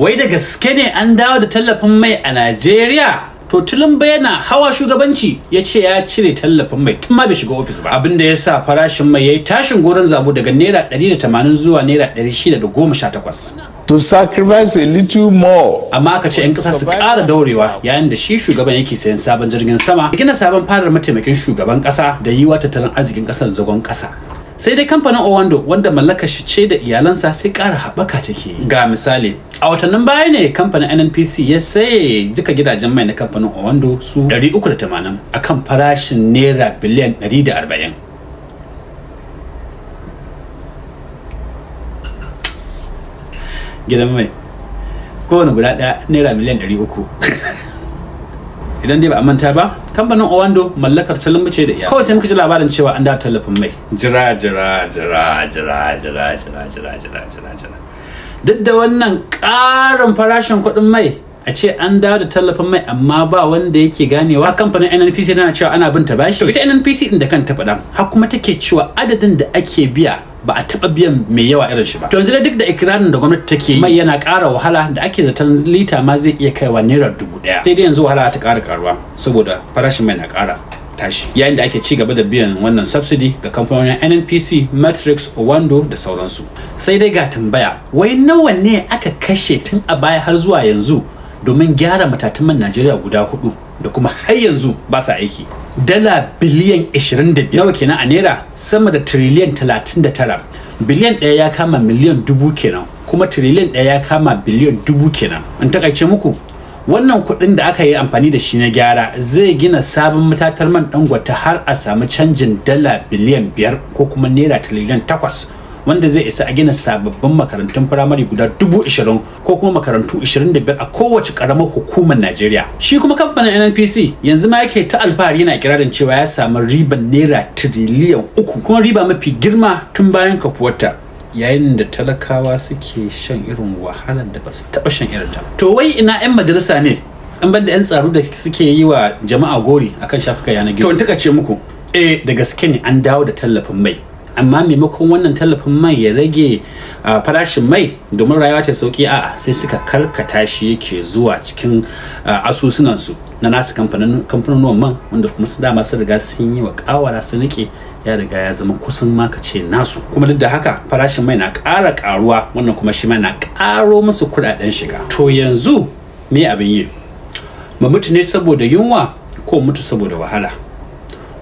wai da gaske ne an dawo da tallafin mai a Najeriya to tulumba yana hawa shugabanci ya ce ya cire tallafin mai tun ma bai shiga ofis ba abin da ya sa farashin mai ya yi tashin goron zabo daga naira 180 zuwa naira 618 to sacrifice a little more amma aka ce 'yan kasa su ƙara daurewa yayin da shi shugaban yake sayan sabon jirgin sama gina sabon farar mataimakin shugaban ƙasa da yi wa tattalin arzikin ƙasar zagon ƙasa sai dai kamfanin owando wanda mallaka shi ce da iyalansa sai ƙara haɓaka take ga misali a watannin baya ne kamfanin nnpc ya saye jika gidajen mai na kamfanin owando su 380 kan farashin naira biliyan 140 gidan mai kowane guda ɗaya naira miliyan 300 idan dai ba a manta ba kamfanin owando mallakar talambu ce da iya kawai sai muka ji labarin cewa an da tallafin mai jira jira jira jira jira jira jira jira jira jira duk da wannan ƙarin farashin kuɗin mai a ce an dawo da tallafin mai amma ba wanda yake ganewa kamfanin nnpc tana cewa ana bin ta bashi ita nnpc din da kanta faɗa har kuma take cewa adadin da ake biya ba a taɓa biyan mai yawa irin shi ba to yanzu duk da ikirarin da gwamnati take yi mai yana ƙara wahala da ake zaton lita ma zai iya kaiwa naira dubu ɗaya sai dai yanzu wahala ta ƙara karuwa saboda farashin mai na ƙara tashi yayin da ake ci gaba da biyan wannan subsidy ga kamfanonin NNPC, Matrix, Owando da sauransu sai dai ga tambaya wai nawa ne aka kashe tun a baya har zuwa yanzu domin gyara matatan Najeriya guda hudu da kuma har yanzu ba sa aiki dala biliyan 25 yawa kenan a naira sama da triliyan 39 biliyan ɗaya ya kama miliyan dubu kenan kuma triliyan ɗaya ya kama biliyan dubu kenan in takaice muku wannan kuɗin da aka yi amfani da shi na gyara zai gina sabon matatar man dangwata har a samu canjin dala biliyan biyar ko kuma naira triliyan takwas wanda zai isa a gina sababbin makarantun firamare guda dubu ishirin ko kuma makarantu ishirin da biyar a kowace karamar hukumar Najeriya. Shi kuma kamfanin NNPC yanzu ma yake ta alfahari yana kirarin cewa ya samu riban naira tiriliyan uku kuma riba mafi girma tun bayan kafuwarta. yayin da talakawa suke shan irin wahalar da ba su taɓa shan irin ta. To wai ina 'yan majalisa ne an banda 'yan tsaro da suke yi wa jama'a gori akan shafukan yanar gizo. To in taka ce muku eh da gaske ne an dawo da tallafin mai amma maimakon wannan tallafin mai ya rage ah, farashin mai domin rayuwa ta sauki a sai suka karkata shi yake zuwa cikin ah, asusunansu na nasu kamfanonin man wanda kuma su dama su riga sun yi wa kawara su rike ya riga ya zama kusan kace nasu kuma duk da haka farashin mai na ƙara ƙaruwa wannan kuma shi na ƙaro musu kuɗaɗen shiga to yanzu me abin yi mu mutu ne saboda yunwa ko mutu saboda wahala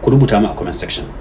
ku rubuta mu a comment section